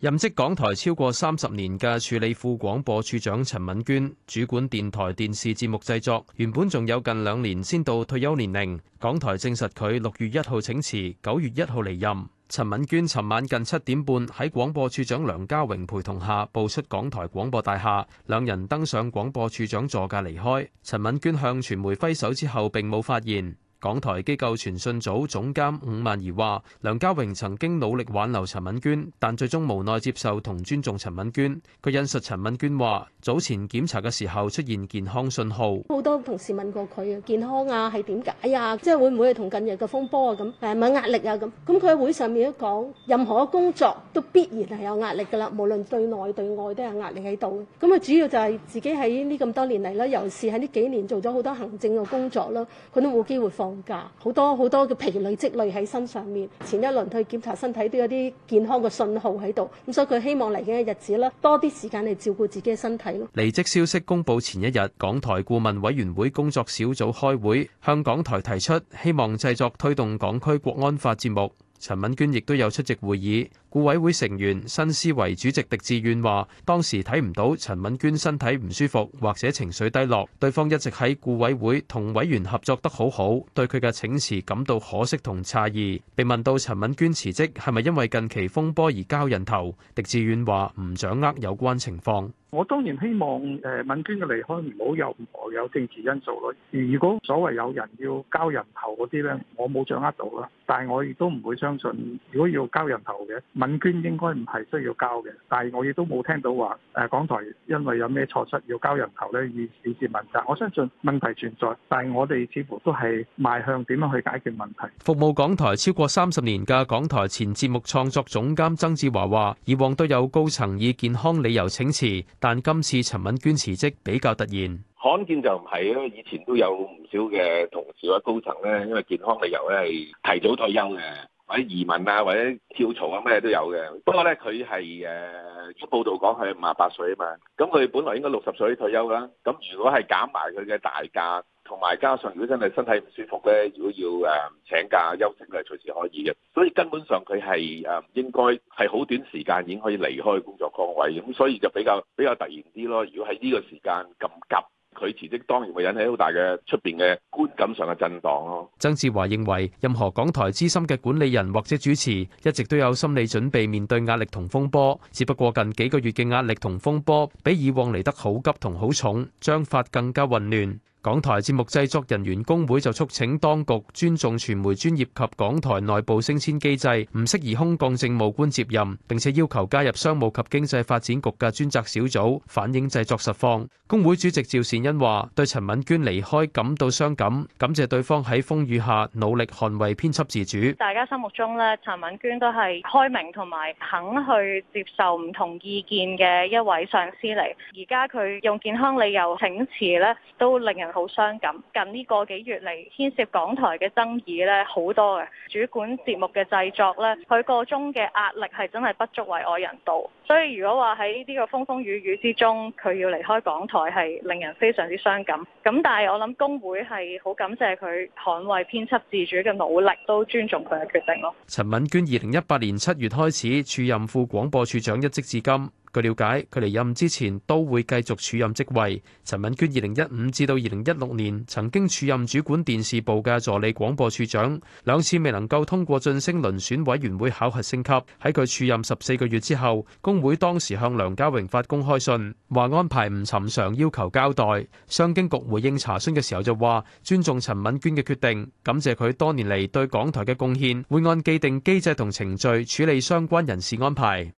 任職港台超過三十年嘅署理副廣播處長陳敏娟主管電台電視節目製作，原本仲有近兩年先到退休年齡。港台證實佢六月一號請辭，九月一號離任。陳敏娟尋晚近七點半喺廣播處長梁家榮陪同下步出港台廣播大廈，兩人登上廣播處長座駕離開。陳敏娟向傳媒揮手之後並，並冇發言。港台機構傳訊組總監伍曼怡話：梁家榮曾經努力挽留陳敏娟，但最終無奈接受同尊重陳敏娟。佢引述陳敏娟話：早前檢查嘅時候出現健康訊號，好多同事問過佢啊健康啊，係點解啊？即係會唔會同近日嘅風波啊咁？誒，冇壓力啊咁。咁佢喺會上面都講，任何工作都必然係有壓力噶啦，無論對內對外都有壓力喺度。咁啊，主要就係自己喺呢咁多年嚟啦，尤其是喺呢幾年做咗好多行政嘅工作啦，佢都冇機會放。放假好多好多嘅疲累積累喺身上面，前一輪去檢查身體都有啲健康嘅信號喺度，咁所以佢希望嚟緊嘅日子咧，多啲時間嚟照顧自己嘅身體咯。離職消息公布前一日，港台顧問委員會工作小組開會，向港台提出希望製作推動港區國安法節目。陳敏娟亦都有出席會議。顧委會成員新思維主席狄志遠話：當時睇唔到陳敏娟身體唔舒服或者情緒低落，對方一直喺顧委會同委員合作得好好，對佢嘅請辭感到可惜同詫異。被問到陳敏娟辭職係咪因為近期風波而交人頭，狄志遠話：唔掌握有關情況。我當然希望誒敏娟嘅離開唔好有任何有政治因素咯。如果所謂有人要交人頭嗰啲咧，我冇掌握到啦。但係我亦都唔會相信，如果要交人頭嘅。敏娟應該唔係需要交嘅，但係我亦都冇聽到話誒港台因為有咩錯失要交人頭咧，以以示問責。我相信問題存在，但係我哋似乎都係邁向點樣去解決問題。服務港台超過三十年嘅港台前節目創作總監曾智華話：以往都有高層以健康理由請辭，但今次陳敏娟辭職比較突然。罕見就唔係咯，因為以前都有唔少嘅同事或者高層咧，因為健康理由咧係提早退休嘅。或者移民啊，或者跳槽啊，咩都有嘅。不過咧，佢係誒報道講係五十八歲啊嘛。咁佢本來應該六十歲退休啦。咁如果係減埋佢嘅大假，同埋加上如果真係身體唔舒服咧，如果要誒、呃、請假休息咧，佢係隨時可以嘅。所以根本上佢係誒應該係好短時間已經可以離開工作崗位，咁所以就比較比較突然啲咯。如果喺呢個時間咁急。佢辭職當然會引起好大嘅出邊嘅觀感上嘅震盪咯。曾智華認為，任何港台資深嘅管理人或者主持，一直都有心理準備面對壓力同風波，只不過近幾個月嘅壓力同風波比以往嚟得好急同好重，將法更加混亂。港台節目製作人員工會就促請當局尊重傳媒專業及港台內部升遷機制，唔適宜空降政務官接任，並且要求加入商務及經濟發展局嘅專責小組反映製作實況。工會主席趙善恩話：對陳敏娟離開感到傷感，感謝對方喺風雨下努力捍衛編輯自主。大家心目中咧，陳敏娟都係開明同埋肯去接受唔同意見嘅一位上司嚟。而家佢用健康理由請辭咧，都令人。好傷感。近呢個幾月嚟牽涉港台嘅爭議呢，好多嘅主管節目嘅製作呢，佢個中嘅壓力係真係不足為外人道。所以如果話喺呢個風風雨雨之中，佢要離開港台係令人非常之傷感。咁但係我諗工會係好感謝佢捍衛編輯自主嘅努力，都尊重佢嘅決定咯。陳敏娟二零一八年七月開始署任副廣播處長一職至今。據了解，佢離任之前都會繼續署任職位。陳敏娟二零一五至到二零一六年曾經署任主管電視部嘅助理廣播處長，兩次未能夠通過晉升遴選委員會考核升級。喺佢署任十四個月之後，工會當時向梁家榮發公開信，話安排唔尋常，要求交代。商經局回應查詢嘅時候就話，尊重陳敏娟嘅決定，感謝佢多年嚟對港台嘅貢獻，會按既定機制同程序處理相關人事安排。